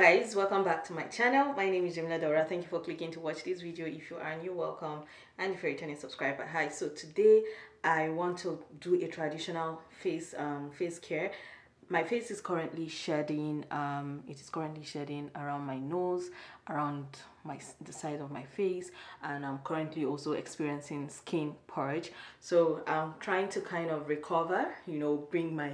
guys welcome back to my channel my name is Jamila Dora thank you for clicking to watch this video if you are new welcome and if you're a returning subscriber hi so today I want to do a traditional face um, face care my face is currently shedding um, it is currently shedding around my nose around my the side of my face and I'm currently also experiencing skin purge so I'm trying to kind of recover you know bring my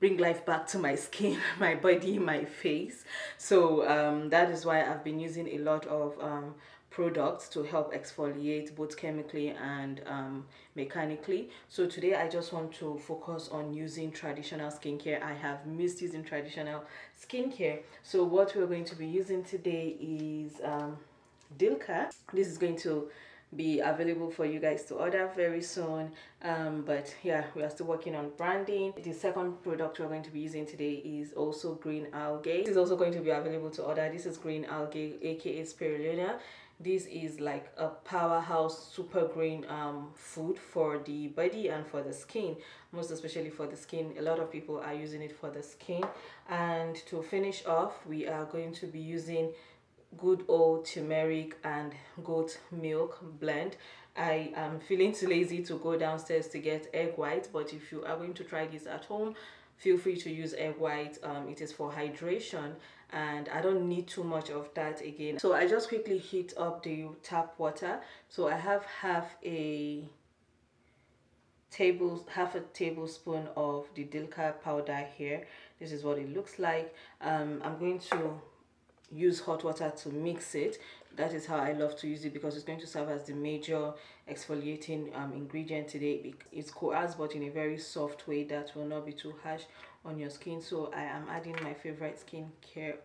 bring life back to my skin my body my face so um, that is why I've been using a lot of um, products to help exfoliate both chemically and um, mechanically so today I just want to focus on using traditional skincare I have missed using traditional skincare so what we're going to be using today is um, Dilka this is going to be available for you guys to order very soon um, but yeah we are still working on branding the second product we're going to be using today is also green algae this is also going to be available to order this is green algae aka spirulina this is like a powerhouse super green um, food for the body and for the skin most especially for the skin a lot of people are using it for the skin and to finish off we are going to be using good old turmeric and goat milk blend i am feeling too lazy to go downstairs to get egg white but if you are going to try this at home feel free to use egg white um, it is for hydration and i don't need too much of that again so i just quickly heat up the tap water so i have half a table half a tablespoon of the dilka powder here this is what it looks like um, i'm going to use hot water to mix it that is how I love to use it because it's going to serve as the major exfoliating um, ingredient today it's coarse but in a very soft way that will not be too harsh on your skin so I am adding my favorite skincare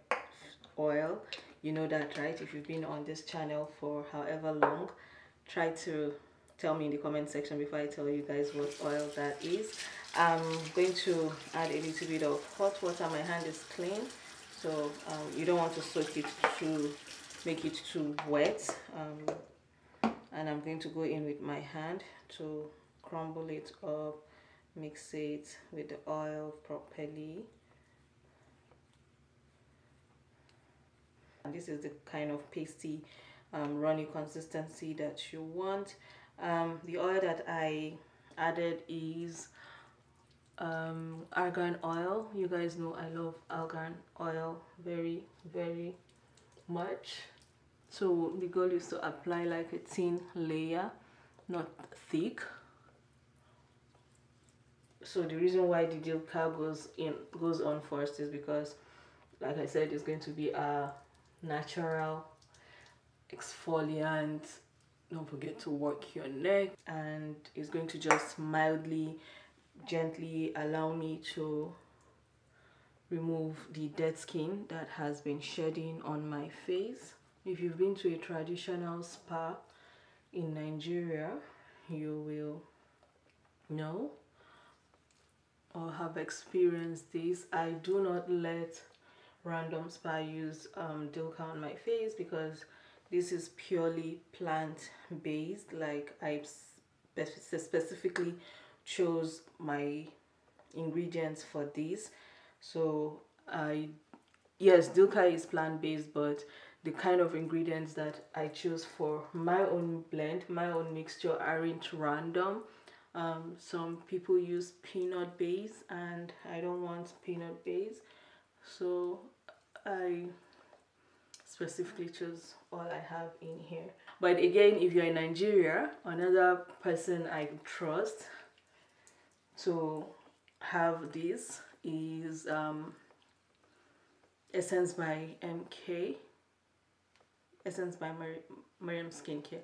oil you know that right if you've been on this channel for however long try to tell me in the comment section before I tell you guys what oil that is I'm going to add a little bit of hot water my hand is clean so um, you don't want to soak it to make it too wet um, and I'm going to go in with my hand to crumble it up mix it with the oil properly and this is the kind of pasty um, runny consistency that you want um, the oil that I added is um, argan oil you guys know I love argan oil very very much so the girl used to apply like a thin layer not thick so the reason why the deal car goes in goes on first is because like I said it's going to be a natural exfoliant don't forget to work your neck and it's going to just mildly gently allow me to remove the dead skin that has been shedding on my face if you've been to a traditional spa in Nigeria you will know or have experienced this I do not let random spa use um, Dilka on my face because this is purely plant based like I specifically chose my ingredients for this so i yes dukkha is plant-based but the kind of ingredients that i choose for my own blend my own mixture aren't random um, some people use peanut base and i don't want peanut base so i specifically chose all i have in here but again if you're in nigeria another person i trust to have this is um, Essence by MK. Essence by Mir Miriam Skincare.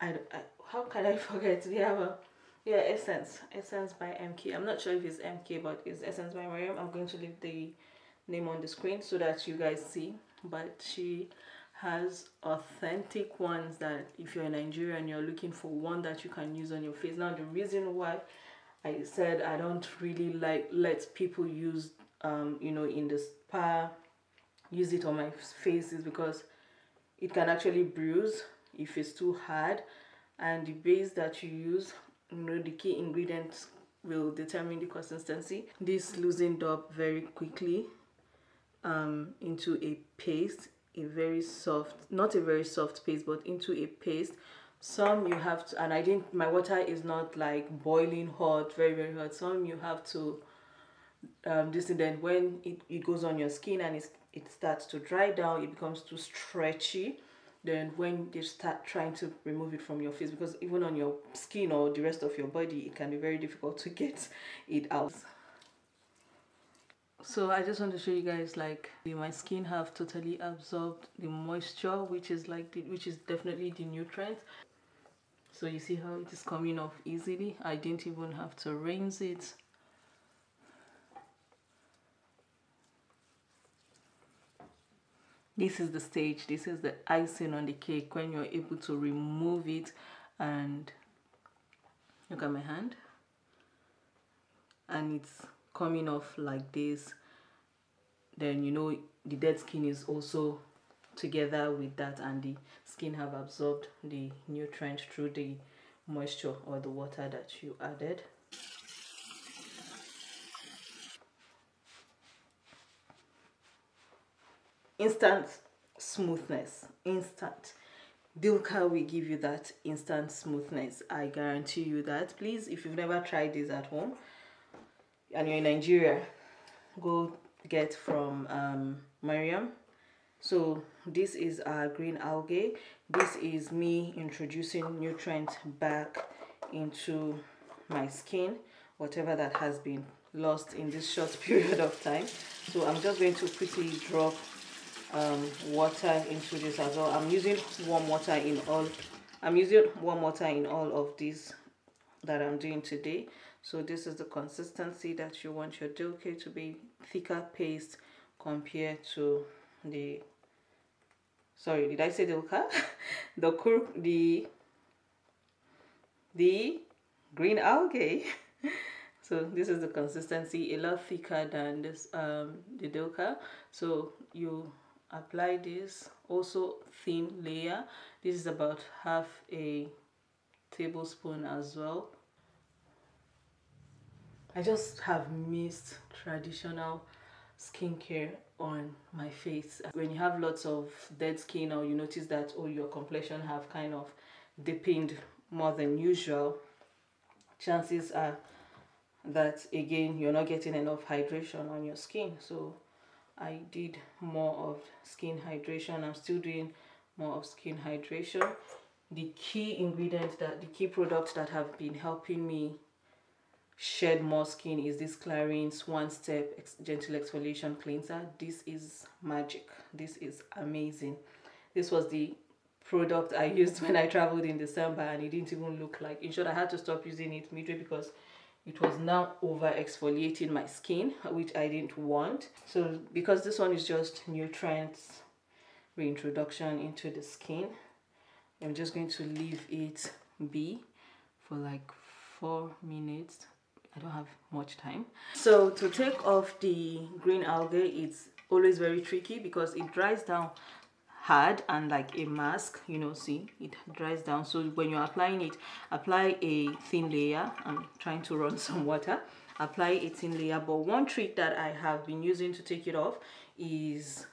I, I, how can I forget? we have a yeah Essence Essence by MK. I'm not sure if it's MK, but it's Essence by Miriam. I'm going to leave the name on the screen so that you guys see. But she has authentic ones that if you're in Nigeria and you're looking for one that you can use on your face. Now the reason why I said I don't really like let people use um, you know in the spa use it on my faces because it can actually bruise if it's too hard and the base that you use you know the key ingredients will determine the consistency this loosened up very quickly um, into a paste a very soft not a very soft paste but into a paste some you have to and i didn't my water is not like boiling hot very very hot some you have to um this and then when it, it goes on your skin and it's, it starts to dry down it becomes too stretchy then when they start trying to remove it from your face because even on your skin or the rest of your body it can be very difficult to get it out so i just want to show you guys like my skin have totally absorbed the moisture which is like the, which is definitely the nutrients so you see how it is coming off easily I didn't even have to rinse it this is the stage this is the icing on the cake when you're able to remove it and look at my hand and it's coming off like this then you know the dead skin is also together with that and the skin have absorbed the nutrient through the moisture or the water that you added instant smoothness instant Dilka will give you that instant smoothness I guarantee you that please if you've never tried this at home and you're in Nigeria go get from um, Mariam so this is our uh, green algae this is me introducing nutrients back into my skin whatever that has been lost in this short period of time so i'm just going to quickly drop um, water into this as well i'm using warm water in all i'm using warm water in all of these that i'm doing today so this is the consistency that you want your dill to be thicker paste compared to the sorry did i say the okra the cur the the green algae so this is the consistency a lot thicker than this um the doka so you apply this also thin layer this is about half a tablespoon as well i just have missed traditional skincare on my face when you have lots of dead skin or you notice that oh your complexion have kind of deepened more than usual chances are that again you're not getting enough hydration on your skin so I did more of skin hydration I'm still doing more of skin hydration the key ingredient that the key products that have been helping me Shed More Skin is this Clarins One Step Ex Gentle Exfoliation Cleanser. This is magic. This is amazing. This was the product I used when I traveled in December and it didn't even look like. In short, I had to stop using it midway because it was now over exfoliating my skin, which I didn't want. So because this one is just nutrients reintroduction into the skin, I'm just going to leave it be for like four minutes I don't have much time. So to take off the green algae, it's always very tricky because it dries down hard and like a mask you know see it dries down so when you're applying it apply a thin layer i'm trying to run some water apply a thin layer but one trick that i have been using to take it off is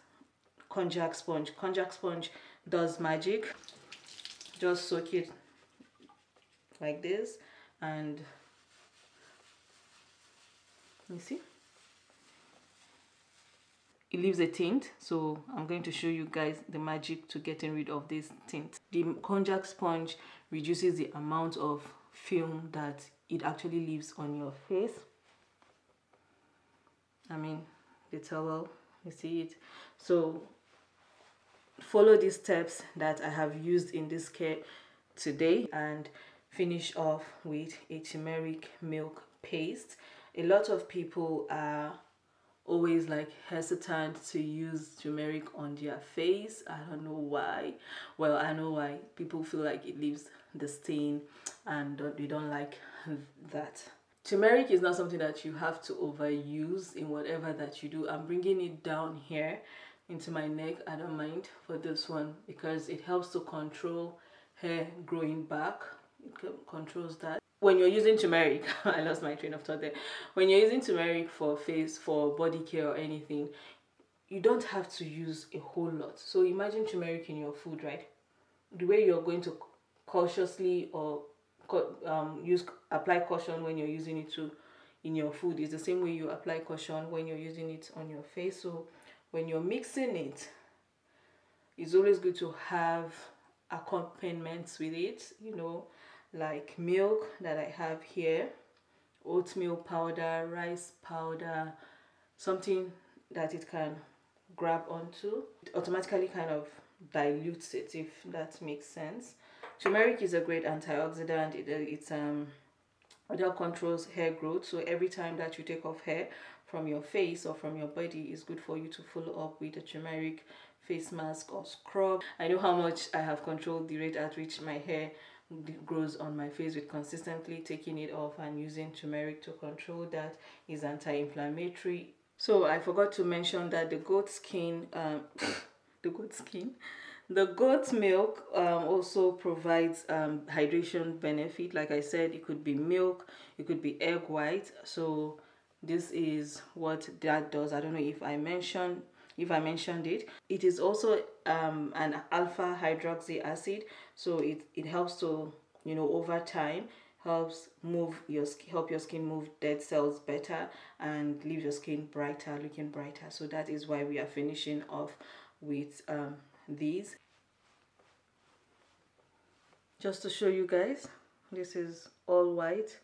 konjac sponge konjac sponge does magic just soak it like this and you see it leaves a tint so I'm going to show you guys the magic to getting rid of this tint the konjac sponge reduces the amount of film that it actually leaves on your face I mean the towel you see it so follow these steps that I have used in this care today and finish off with a turmeric milk paste a lot of people are always like hesitant to use turmeric on their face i don't know why well i know why people feel like it leaves the stain and don't, they don't like that turmeric is not something that you have to overuse in whatever that you do i'm bringing it down here into my neck i don't mind for this one because it helps to control hair growing back controls that when you're using turmeric i lost my train of thought there when you're using turmeric for face for body care or anything you don't have to use a whole lot so imagine turmeric in your food right the way you're going to cautiously or um, use apply caution when you're using it to in your food is the same way you apply caution when you're using it on your face so when you're mixing it it's always good to have accompaniments with it you know like milk that I have here, oatmeal powder, rice powder, something that it can grab onto. It automatically kind of dilutes it, if that makes sense. Turmeric is a great antioxidant. It, uh, it's um, it controls hair growth. So every time that you take off hair from your face or from your body, it's good for you to follow up with a turmeric face mask or scrub. I know how much I have controlled the rate at which my hair grows on my face with consistently taking it off and using turmeric to control that is anti-inflammatory so i forgot to mention that the goat skin um, the goat skin the goat's milk um, also provides um, hydration benefit like i said it could be milk it could be egg white so this is what that does i don't know if i mentioned if I mentioned it. It is also um, an alpha hydroxy acid, so it, it helps to, you know, over time, helps move your help your skin move dead cells better and leave your skin brighter, looking brighter. So that is why we are finishing off with um, these. Just to show you guys, this is all white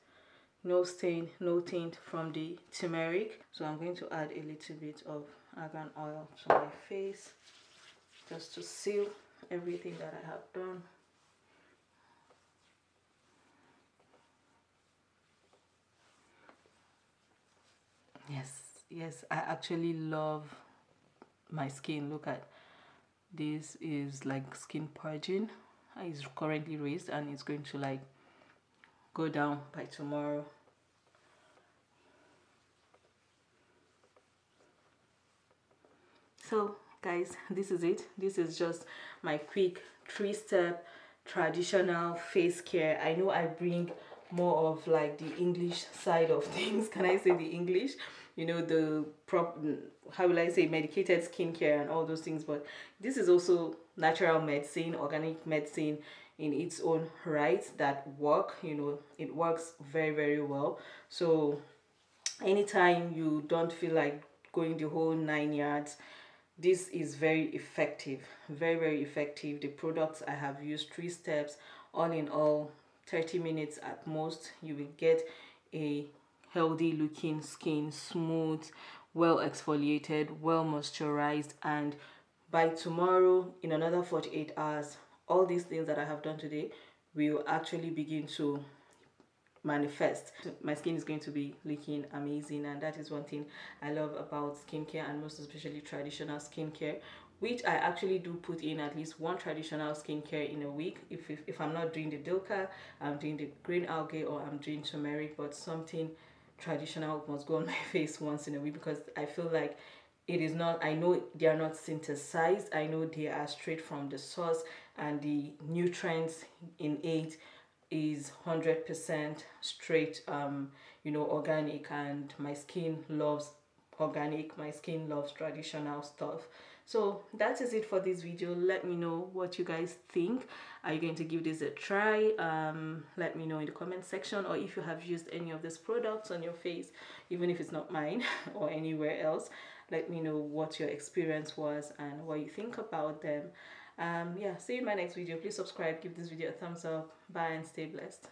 no stain no tint from the turmeric so i'm going to add a little bit of argan oil to my face just to seal everything that I have done. Yes, yes, I actually love my skin. Look at this is like skin purging. It's currently raised and it's going to like go down by tomorrow. so guys this is it this is just my quick three-step traditional face care i know i bring more of like the english side of things can i say the english you know the prop how will i say medicated skincare and all those things but this is also natural medicine organic medicine in its own right that work you know it works very very well so anytime you don't feel like going the whole nine yards this is very effective very very effective the products i have used three steps all in all 30 minutes at most you will get a healthy looking skin smooth well exfoliated well moisturized and by tomorrow in another 48 hours all these things that i have done today will actually begin to manifest my skin is going to be looking amazing and that is one thing i love about skincare and most especially traditional skincare which I actually do put in at least one traditional skincare in a week. If, if, if, I'm not doing the dilka, I'm doing the green algae or I'm doing turmeric, but something traditional must go on my face once in a week because I feel like it is not, I know they are not synthesized. I know they are straight from the source and the nutrients in it is 100% straight um, you know organic and my skin loves organic my skin loves traditional stuff so that is it for this video let me know what you guys think are you going to give this a try um, let me know in the comment section or if you have used any of these products on your face even if it's not mine or anywhere else let me know what your experience was and what you think about them um yeah see you in my next video please subscribe give this video a thumbs up bye and stay blessed